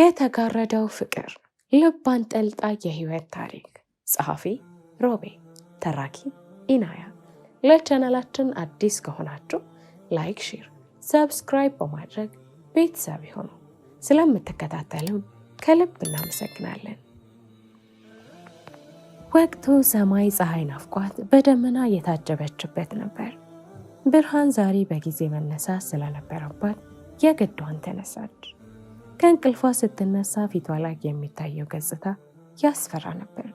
የተጋረደው ፍቅር ልብ አንጠልጣይ የህይወት ታሪክ ጸሐፊ ሮቤ ተራኪ ኢናያ። ለቻናላችን አዲስ ከሆናችሁ ላይክ፣ ሼር፣ ሰብስክራይብ በማድረግ ቤተሰብ ይሆኑ ስለምትከታተሉን ከልብ እናመሰግናለን። ወቅቱ ሰማይ ፀሐይ ናፍቋት በደመና የታጀበችበት ነበር። ብርሃን ዛሬ በጊዜ መነሳት ስለነበረባት የግዷን ተነሳች። ከእንቅልፏ ስትነሳ ፊቷ ላይ የሚታየው ገጽታ ያስፈራ ነበር።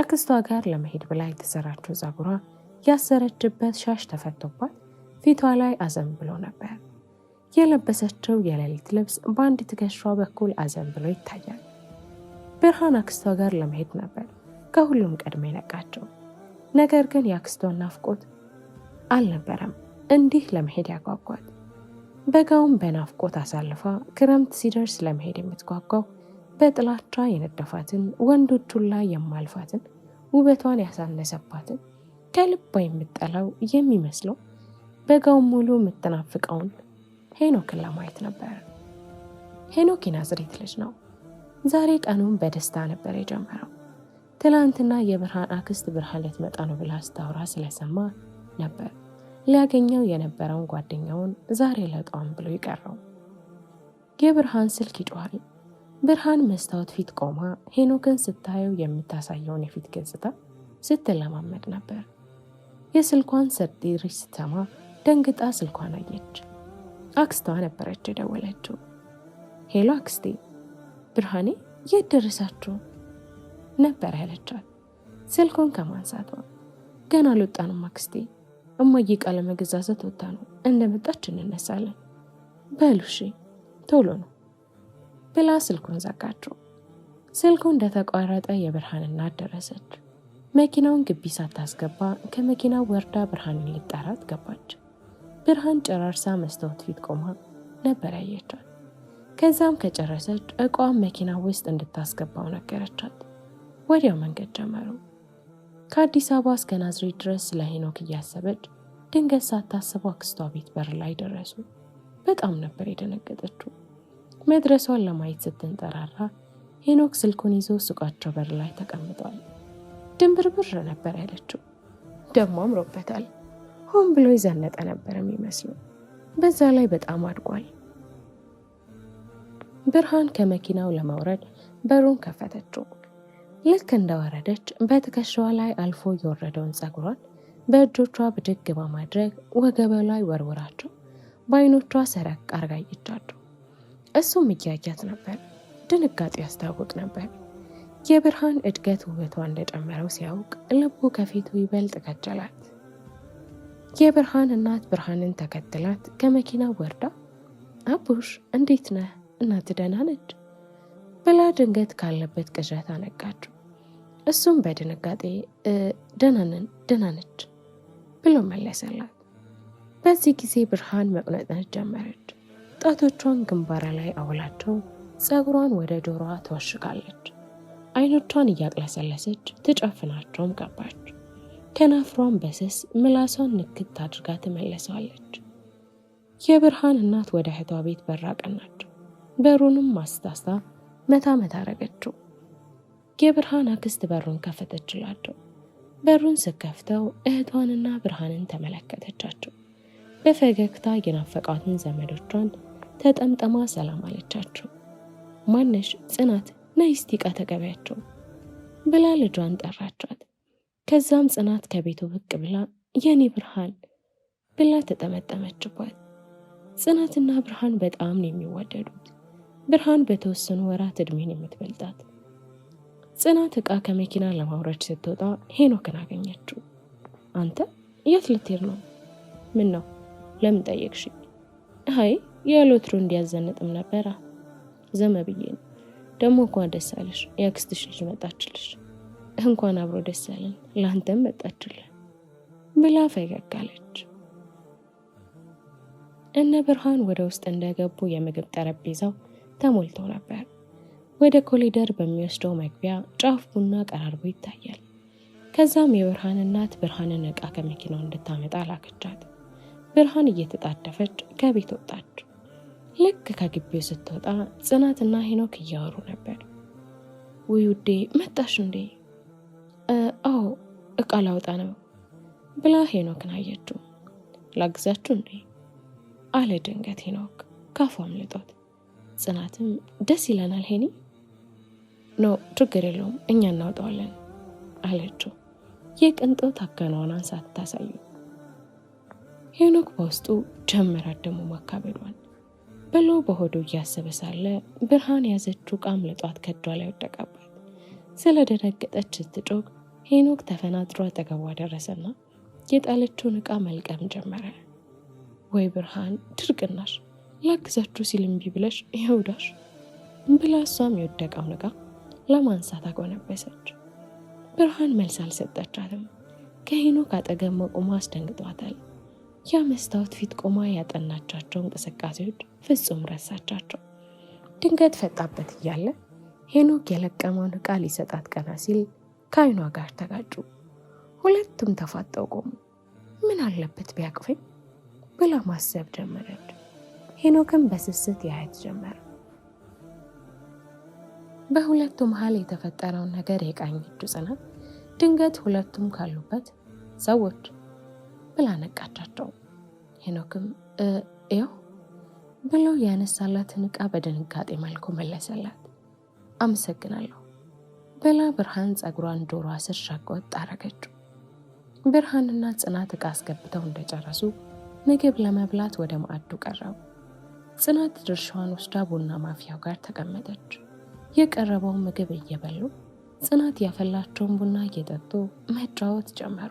አክስቷ ጋር ለመሄድ ብላ የተሰራችው ጸጉሯ ያሰረችበት ሻሽ ተፈቶባት ፊቷ ላይ አዘን ብሎ ነበር። የለበሰችው የሌሊት ልብስ በአንድ ትከሻ በኩል አዘን ብሎ ይታያል። ብርሃን አክስቷ ጋር ለመሄድ ነበር ከሁሉም ቀድሜ ነቃቸው። ነገር ግን የአክስቷ ናፍቆት አልነበረም እንዲህ ለመሄድ ያጓጓል። በጋውን በናፍቆት አሳልፋ ክረምት ሲደርስ ለመሄድ የምትጓጓው በጥላቻ የነደፋትን ወንዶቹን ላይ የማልፋትን ውበቷን ያሳነሰባትን ከልቧ የምጠላው የሚመስለው በጋውን ሙሉ የምትናፍቀውን ሄኖክን ለማየት ነበር። ሄኖክ የናዝሬት ልጅ ነው። ዛሬ ቀኑን በደስታ ነበር የጀመረው። ትናንትና የብርሃን አክስት ብርሃን ልትመጣ ነው ብላ አስታውራ ስለሰማ ነበር ሊያገኘው የነበረውን ጓደኛውን ዛሬ ለጧም ብሎ ይቀረው። የብርሃን ስልክ ይጮኋል። ብርሃን መስታወት ፊት ቆማ ሄኖክን ስታየው የምታሳየውን የፊት ገጽታ ስትለማመድ ነበር። የስልኳን ሰርዲሪች ስትሰማ ደንግጣ ስልኳን አየች። አክስቷ ነበረች የደወለችው። ሄሎ አክስቴ፣ ብርሃኔ የት ደረሳችሁ ነበር ያለቻት። ስልኩን ከማንሳቷ ገና አልወጣንም አክስቴ እማዬ ቃለ ለመገዛዛት ወታ ነው። እንደመጣች እንነሳለን። በሉ እሺ፣ ቶሎ ነው ብላ ስልኩን ዘጋችው። ስልኩ እንደተቋረጠ የብርሃን እናት ደረሰች። መኪናውን ግቢ ሳታስገባ ከመኪናው ወርዳ ብርሃንን ልጠራት ገባች። ብርሃን ጨራርሳ መስታወት ፊት ቆማ ነበር ያየቻት። ከዛም ከጨረሰች እቋም መኪና ውስጥ እንድታስገባው ነገረቻት። ወዲያው መንገድ ጀመሩ። ከአዲስ አበባ እስከ ናዝሬት ድረስ ስለ ሄኖክ እያሰበች ድንገት ሳታስበው አክስቷ ቤት በር ላይ ደረሱ። በጣም ነበር የደነገጠችው። መድረሷን ለማየት ስትንጠራራ ሄኖክ ስልኩን ይዞ ሱቃቸው በር ላይ ተቀምጧል። ድንብርብር ነበር ያለችው። ደግሞ አምሮበታል። ሆን ብሎ ይዘነጠ ነበር የሚመስለው። በዛ ላይ በጣም አድጓል። ብርሃን ከመኪናው ለመውረድ በሩን ከፈተችው። ልክ እንደወረደች በትከሻዋ ላይ አልፎ የወረደውን ጸጉሯን በእጆቿ ብድግ በማድረግ ወገበ ላይ ወርውራቸው በአይኖቿ ሰረቅ አርጋ ይጫጩ። እሱም እያያት ነበር። ድንጋጤ ያስታውቅ ነበር። የብርሃን እድገት ውበቷ እንደጨመረው ሲያውቅ ልቡ ከፊቱ ይበልጥ ከጀላት። የብርሃን እናት ብርሃንን ተከትላት ከመኪና ወርዳ አቡሽ እንዴት ነህ እናት ደህና ነች ብላ ድንገት ካለበት ቅዠት አነቃችው። እሱም በድንጋጤ ደህና ነን፣ ደህና ነች ብሎ መለሰላት። በዚህ ጊዜ ብርሃን መቁነጠነት ጀመረች። ጣቶቿን ግንባሯ ላይ አውላቸው ፀጉሯን ወደ ጆሮዋ ተወሽቃለች። አይኖቿን እያቅለሰለሰች ትጨፍናቸውም ቀባች ከናፍሯን በስስ ምላሷን ንክት አድርጋ ትመለሰዋለች። የብርሃን እናት ወደ እህቷ ቤት በር አቀናች። በሩንም ማስታስታ መታ መታ አረገችው። የብርሃን አክስት በሩን ከፈተችላቸው። በሩን ስከፍተው እህቷንና ብርሃንን ተመለከተቻቸው። በፈገግታ የናፈቃትን ዘመዶቿን ተጠምጠማ ሰላም አለቻቸው። ማነሽ ጽናት ነይ እስቲ ብላ ልጇን ጠራቻት። ከዛም ጽናት ከቤቱ ብቅ ብላ የኔ ብርሃን ብላ ተጠመጠመችባት። ጽናትና ብርሃን በጣም ነው የሚዋደዱት። ብርሃን በተወሰኑ ወራት እድሜን የምትበልጣት ጽናት እቃ ከመኪና ለማውረድ ስትወጣ ሄኖክን አገኘችው። አንተ የት ልትሄድ ነው? ምን ነው? ለምን ጠየቅሽ? አይ የሎትሮ እንዲያዘንጥም ነበረ ዘመ ብዬ ነው። ደግሞ እንኳን ደስ አለሽ፣ የአክስትሽ ልጅ መጣችልሽ። እንኳን አብሮ ደስ አለን፣ ለአንተም መጣችልን ብላ ፈገግ አለች። እነ ብርሃን ወደ ውስጥ እንደገቡ የምግብ ጠረጴዛው ተሞልቶ ነበር። ወደ ኮሊደር በሚወስደው መግቢያ ጫፍ ቡና ቀራርቦ ይታያል። ከዛም የብርሃን እናት ብርሃንን ዕቃ ከመኪናው እንድታመጣ ላከቻት። ብርሃን እየተጣደፈች ከቤት ወጣች። ልክ ከግቢው ስትወጣ ጽናትና ሄኖክ እያወሩ ነበር። ውይ ውዴ መጣሽ እንዴ? አዎ እቃ ላውጣ ነው ብላ ሄኖክን አየችው። ላግዛችሁ እንዴ አለ ድንገት ሄኖክ ካፉ አምልጦት። ጽናትም ደስ ይለናል ሄኒ ኖ ችግር የለውም እኛ እናውጠዋለን አለችው። የቅንጦት አከናዋኗን ሳታሳዩ ሄኖክ በውስጡ ጀመረ ደግሞ ማካበዷን ብሎ በሆዱ እያሰበ ሳለ ብርሃን ያዘችው ቃም ለጧት ከዷ ላይ ወደቀባት። ስለደነገጠች ስትጮክ ሄኖክ ተፈናጥሮ አጠገቧ ደረሰና የጣለችውን ዕቃ መልቀም ጀመረ። ወይ ብርሃን ድርቅናሽ፣ ላግዛችሁ ሲል እምቢ ብለሽ ይኸውዳሽ ብላ እሷም የወደቀውን እቃ! ለማንሳት አጎነበሰች። ብርሃን መልስ አልሰጠቻትም። ከሄኖክ አጠገብ መቆሙ አስደንግጧታል። ያ መስታወት ፊት ቆማ ያጠናቻቸው እንቅስቃሴዎች ፍጹም ረሳቻቸው። ድንገት ፈጣበት እያለ ሄኖክ የለቀመውን ዕቃ ሊሰጣት ቀና ሲል ከአይኗ ጋር ተጋጩ። ሁለቱም ተፋጠው ቆሙ። ምን አለበት ቢያቅፈኝ ብላ ማሰብ ጀመረች። ሄኖክም በስስት ያያት ጀመረ። በሁለቱ መሀል የተፈጠረውን ነገር የቃኝ ጽናት ድንገት ሁለቱም ካሉበት ሰዎች ብላ ነቃቻቸው። ሄኖክም ያው ብሎ ያነሳላትን ዕቃ በድንጋጤ መልኩ መለሰላት። አመሰግናለሁ ብላ ብርሃን ጸጉሯን ጆሮ ስር ሸጎጥ አረገችው። ብርሃንና ጽናት ዕቃ አስገብተው እንደጨረሱ ምግብ ለመብላት ወደ ማዕዱ ቀረቡ። ጽናት ድርሻዋን ወስዳ ቡና ማፍያው ጋር ተቀመጠች። የቀረበውን ምግብ እየበሉ ጽናት ያፈላቸውን ቡና እየጠጡ መጫወት ጀመሩ።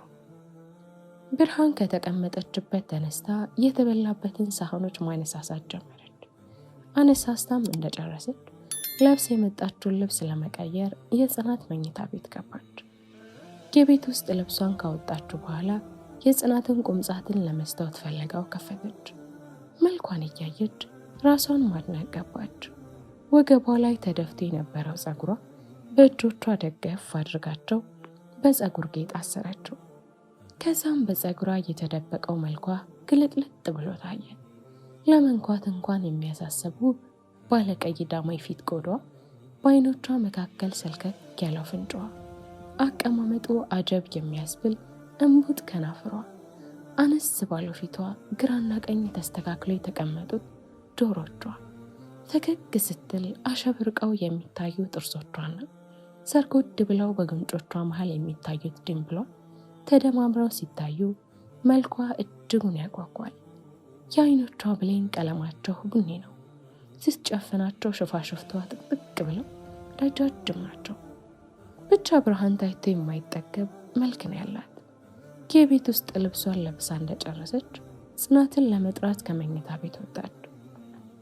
ብርሃን ከተቀመጠችበት ተነስታ የተበላበትን ሳህኖች ማነሳሳት ጀመረች። አነሳስታም እንደጨረሰች ለብስ የመጣችውን ልብስ ለመቀየር የጽናት መኝታ ቤት ገባች። የቤት ውስጥ ልብሷን ካወጣችሁ በኋላ የጽናትን ቁምጻትን ለመስታወት ፈለጋው ከፈተች። መልኳን እያየች ራሷን ማድነቅ ገባች። ወገቧ ላይ ተደፍቶ የነበረው ጸጉሯ በእጆቿ ደገፍ አድርጋቸው በጸጉር ጌጥ አሰረችው። ከዛም በጸጉሯ የተደበቀው መልኳ ግልጥልጥ ብሎ ታየ። ለመንኳት እንኳን የሚያሳስቡ ባለቀይ ዳማ የፊት ቆዳ፣ በአይኖቿ መካከል ሰልከክ ያለው ፍንጫዋ፣ አቀማመጡ አጀብ የሚያስብል እምቡጥ ከናፍሯ፣ አነስ ባለው ፊቷ ግራና ቀኝ ተስተካክሎ የተቀመጡት ጆሮቿ ፈገግ ስትል አሸብርቀው የሚታዩ ጥርሶቿና ሰርጎድ ብለው በጉንጮቿ መሃል የሚታዩት ድንብሏ ተደማምረው ሲታዩ መልኳ እጅጉን ያጓጓል። የአይኖቿ ብሌን ቀለማቸው ቡኒ ነው። ስትጨፍናቸው ሽፋሽፍቷ ጥቅጥቅ ብለው ረጃጅም ናቸው። ብቻ ብርሃን ታይቶ የማይጠገብ መልክ ነው ያላት። የቤት ውስጥ ልብሷን ለብሳ እንደጨረሰች ጽናትን ለመጥራት ከመኝታ ቤት ወጣች።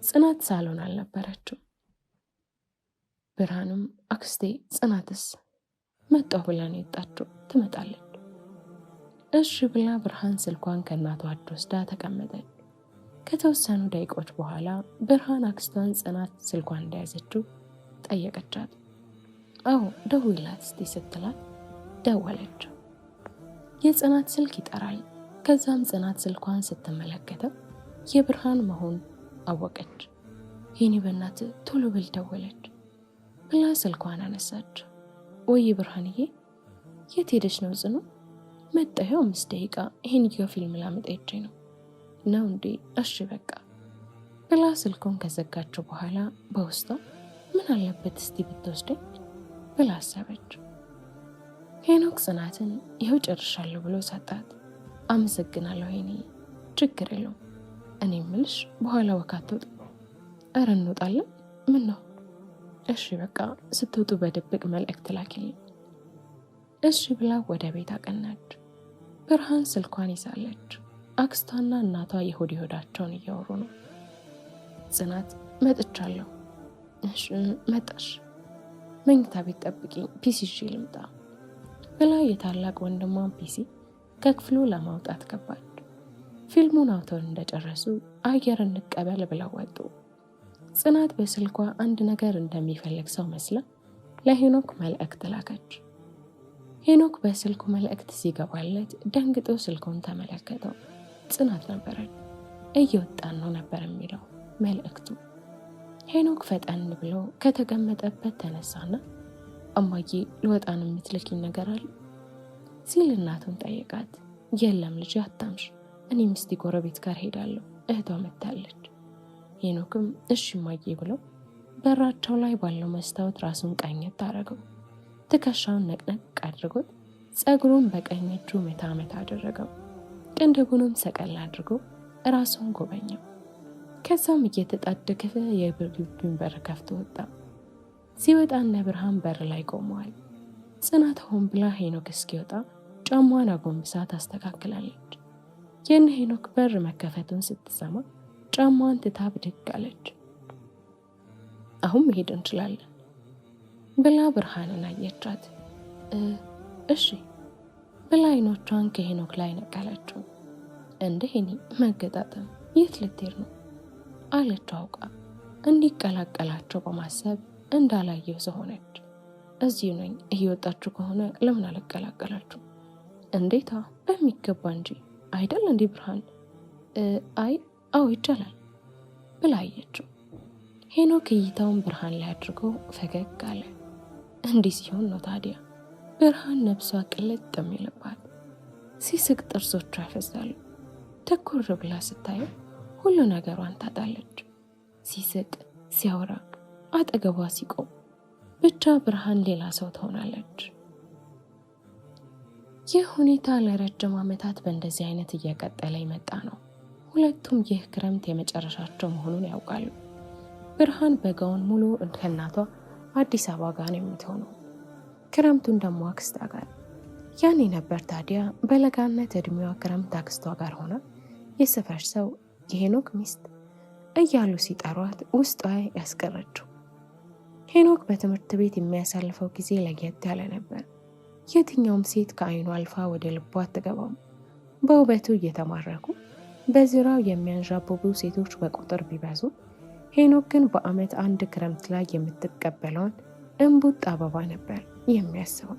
ጽናት ሳሎን አልነበረችው። ብርሃንም አክስቴ ጽናትስ መጣሁ ብላ ነው የወጣችው፣ ትመጣለች እሺ ብላ ብርሃን ስልኳን ከእናቷ እጅ ወስዳ ተቀመጠች። ከተወሰኑ ደቂቆች በኋላ ብርሃን አክስቷን ጽናት ስልኳን እንደያዘችው ጠየቀቻት። አዎ ደውይላት እስቲ ስትላት ደወለችው። የጽናት ስልክ ይጠራል። ከዛም ጽናት ስልኳን ስትመለከተው የብርሃን መሆን አወቀች። የኔ በእናት ቶሎ ብል ደወለች ብላ ስልኳን አነሳች። ወይ ብርሃንዬ፣ የት ሄደች ነው ጽኑ? መጣሁ አምስት ደቂቃ ይህን ጊዮ ፊልም ላመጣ ነው። ነው እንዴ? እሺ በቃ ብላ ስልኩን ከዘጋችው በኋላ በውስጧ ምን አለበት እስቲ ብትወስደኝ ብላ አሰበች። ሄኖክ ጽናትን ይኸው ጨርሻለሁ ብሎ ሰጣት። አመሰግናለሁ ሄኔ፣ ችግር የለውም እኔ ምልሽ በኋላ ወካት ወጥ እረ እንወጣለን። ምን ነው? እሺ በቃ ስትወጡ በድብቅ መልእክት ላኪልኝ። እሺ ብላ ወደ ቤት አቀናች። ብርሃን ስልኳን ይዛለች። አክስቷና እናቷ የሆድ የሆዳቸውን እያወሩ ነው። ጽናት መጥቻለሁ። እሺ መጣሽ፣ መኝታ ቤት ጠብቂኝ፣ ፒሲ ይዤ ልምጣ ብላ የታላቅ ወንድሟን ፒሲ ከክፍሉ ለማውጣት ገባች። ፊልሙን አውተው እንደጨረሱ አየር እንቀበል ብለው ወጡ። ጽናት በስልኳ አንድ ነገር እንደሚፈልግ ሰው መስላ ለሄኖክ መልእክት ላከች። ሄኖክ በስልኩ መልእክት ሲገባለት ደንግጦ ስልኩን ተመለከተው። ጽናት ነበረች። እየወጣን ነው ነበር የሚለው መልእክቱ። ሄኖክ ፈጠን ብሎ ከተቀመጠበት ተነሳና እማዬ ልወጣን የምትልኪኝ ነገር አለ ሲል እናቱን ጠየቃት። የለም ልጅ አታምሽ እኔ እስቲ ጎረቤት ጋር ሄዳለሁ፣ እህቷ መታለች። ሄኖክም እሺ እማዬ ብለው በራቸው ላይ ባለው መስታወት ራሱን ቀኘት አደረገው። ትከሻውን ነቅነቅ አድርጎት ፀጉሩን በቀኝ እጁ መታ አደረገው። ቅንድቡንም ሰቀል አድርጎ ራሱን ጎበኘው። ከዛም እየተጣደፈ የብርዱን በር ከፍቶ ወጣ። ሲወጣና ብርሃን በር ላይ ቆመዋል። ጽናት ሆን ብላ ሄኖክ እስኪወጣ ጫማዋን አጎንብሳ ታስተካክላለች። የነ ሄኖክ በር መከፈቱን ስትሰማ ጫማዋን ትታ ብድግ አለች። አሁን መሄድ እንችላለን ብላ ብርሃንን አየቻት። እሺ ብላ አይኖቿን ከሄኖክ ላይ ነቀለችው። እንደ ሄኒ መገጣጠም የት ልትሄድ ነው አለች አውቃ እንዲቀላቀላቸው በማሰብ እንዳላየው ሰው ሆነች። እዚሁ ነኝ፣ እየወጣችሁ ከሆነ ለምን አልቀላቀላችሁ? እንዴታ በሚገባ እንጂ አይደል እንዲህ ብርሃን? አይ አዎ ይቻላል ብላ አየችው። ሄኖክ እይታውን ብርሃን ላይ አድርጎ ፈገግ አለ። እንዲህ ሲሆን ነው ታዲያ ብርሃን ነብሷ ቅልጥ የሚልባት። ሲስቅ ጥርሶቿ ያፈዛሉ። ትኩር ብላ ስታየው ሁሉ ነገሯን ታጣለች። ሲስቅ፣ ሲያወራ፣ አጠገቧ ሲቆም ብቻ ብርሃን ሌላ ሰው ትሆናለች። ይህ ሁኔታ ለረጅም ዓመታት በእንደዚህ አይነት እየቀጠለ የመጣ ነው። ሁለቱም ይህ ክረምት የመጨረሻቸው መሆኑን ያውቃሉ። ብርሃን በጋውን ሙሉ ከእናቷ አዲስ አበባ ጋር ነው የምትሆነው፣ ክረምቱን ደግሞ አክስቷ ጋር። ያኔ ነበር ታዲያ በለጋነት እድሜዋ ክረምት አክስቷ ጋር ሆና የሰፈር ሰው የሄኖክ ሚስት እያሉ ሲጠሯት ውስጧ ያስቀረችው። ሄኖክ በትምህርት ቤት የሚያሳልፈው ጊዜ ለየት ያለ ነበር። የትኛውም ሴት ከአይኑ አልፋ ወደ ልቡ አትገባም። በውበቱ እየተማረኩ በዙሪያው የሚያንዣብቡ ሴቶች በቁጥር ቢበዙ ሄኖክ ግን በዓመት አንድ ክረምት ላይ የምትቀበለውን እምቡጥ አበባ ነበር የሚያስበው።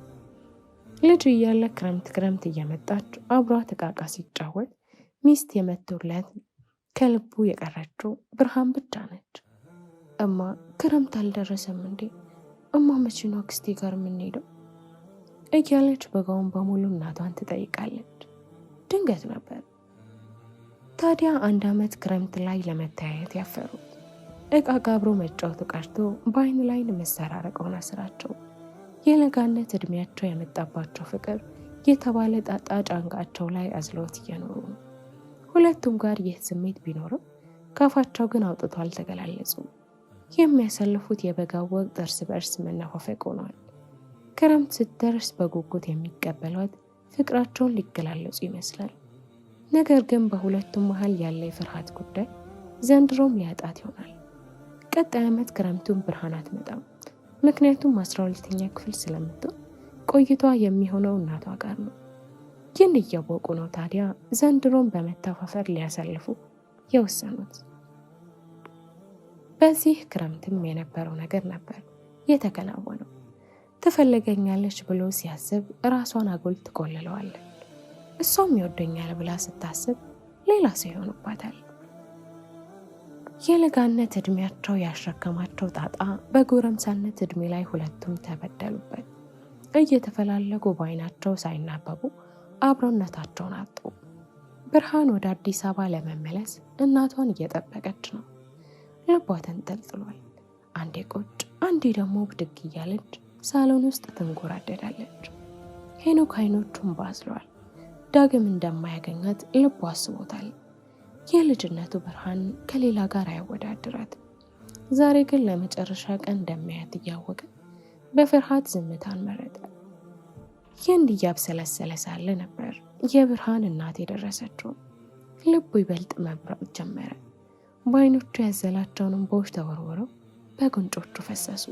ልጅ እያለ ክረምት ክረምት እየመጣች አብሯ ተቃቃ ሲጫወት ሚስት የመቶለት ከልቡ የቀረችው ብርሃን ብቻ ነች። እማ ክረምት አልደረሰም እንዴ? እማ መቼ ነው አክስቴ ጋር የምንሄደው? እያለች በጋውን በሙሉ እናቷን ትጠይቃለች። ድንገት ነበር ታዲያ አንድ ዓመት ክረምት ላይ ለመተያየት ያፈሩት። እቃ ጋብሮ መጫወቱ ቀርቶ በአይን ላይን መሰራረቅ ሆነ ስራቸው። የለጋነት እድሜያቸው ያመጣባቸው ፍቅር የተባለ ጣጣ ጫንቃቸው ላይ አዝለውት እየኖሩ ነው። ሁለቱም ጋር ይህ ስሜት ቢኖርም ካፋቸው ግን አውጥቶ አልተገላለጹም። የሚያሳልፉት የበጋው ወቅት እርስ በእርስ መነፋፈቅ ሆኗል። ክረምት ስትደርስ በጉጉት የሚቀበሏት ፍቅራቸውን ሊገላለጹ ይመስላል። ነገር ግን በሁለቱም መሀል ያለ የፍርሃት ጉዳይ ዘንድሮም ሊያጣት ይሆናል። ቀጣይ ዓመት ክረምቱን ብርሃን አትመጣም፣ ምክንያቱም አስራ ሁለተኛ ክፍል ስለምትሆን ቆይቷ የሚሆነው እናቷ ጋር ነው። ይህን እያወቁ ነው ታዲያ ዘንድሮን በመተፋፈር ሊያሳልፉ የወሰኑት። በዚህ ክረምትም የነበረው ነገር ነበር የተከናወነው። ትፈልገኛለች ብሎ ሲያስብ ራሷን አጉል ትቆልለዋለች። እሷም ይወደኛል ብላ ስታስብ ሌላ ሰው ይሆኑባታል። የለጋነት እድሜያቸው ያሸከማቸው ጣጣ በጎረምሳነት እድሜ ላይ ሁለቱም ተበደሉበት። እየተፈላለጉ በአይናቸው ሳይናበቡ አብሮነታቸውን አጡ። ብርሃን ወደ አዲስ አበባ ለመመለስ እናቷን እየጠበቀች ነው። ልቧ ተንጠልጥሏል። አንዴ ቁጭ አንዴ ደግሞ ብድግ እያለች ሳሎን ውስጥ ትንጎራደዳለች። ሄኖክ አይኖቹን ባዝሏል። ዳግም እንደማያገኛት ልቡ አስቦታል። የልጅነቱ ብርሃን ከሌላ ጋር አያወዳድራት። ዛሬ ግን ለመጨረሻ ቀን እንደሚያያት እያወቀ በፍርሃት ዝምታን መረጠ። ይህን እያብሰለሰለ ሳለ ነበር የብርሃን እናት የደረሰችው። ልቡ ይበልጥ መብራት ጀመረ። በአይኖቹ ያዘላቸውን እንባዎች ተወርውረው በጉንጮቹ ፈሰሱ።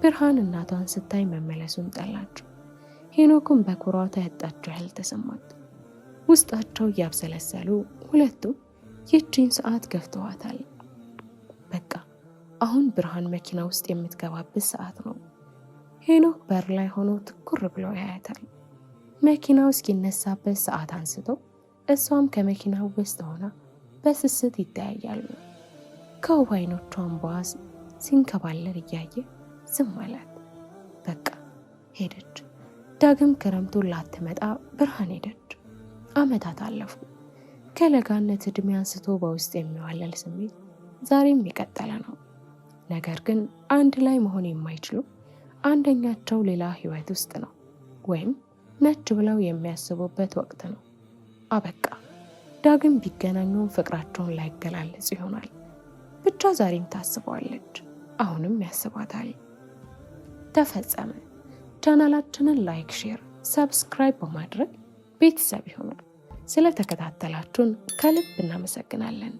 ብርሃን እናቷን ስታይ መመለሱን ጠላችው። ሄኖክም በኩራቷ ያጣችው ያህል ተሰማት። ውስጣቸው እያብሰለሰሉ ሁለቱም ይህችን ሰዓት ገፍተዋታል። በቃ አሁን ብርሃን መኪና ውስጥ የምትገባበት ሰዓት ነው። ሄኖክ በር ላይ ሆኖ ትኩር ብሎ ያያታል። መኪናው እስኪነሳበት ሰዓት አንስቶ እሷም ከመኪናው ውስጥ ሆና በስስት ይተያያሉ። ከውብ አይኖቿ እንባዋ ሲንከባለል እያየ ዝም አላት። በቃ ሄደች። ዳግም ክረምቱ ላትመጣ ብርሃን ሄደች። አመታት አለፉ። ከለጋነት እድሜ አንስቶ በውስጥ የሚዋለል ስሜት ዛሬም የቀጠለ ነው። ነገር ግን አንድ ላይ መሆን የማይችሉ አንደኛቸው ሌላ ህይወት ውስጥ ነው ወይም ነጭ ብለው የሚያስቡበት ወቅት ነው። አበቃ። ዳግም ቢገናኙም ፍቅራቸውን ላይገላለጽ ይሆናል። ብቻ ዛሬም ታስበዋለች፣ አሁንም ያስባታል። ተፈጸመ። ቻናላችንን ላይክ፣ ሼር፣ ሰብስክራይብ በማድረግ ቤተሰብ ይሁኑ። ስለተከታተላችሁን ከልብ እናመሰግናለን።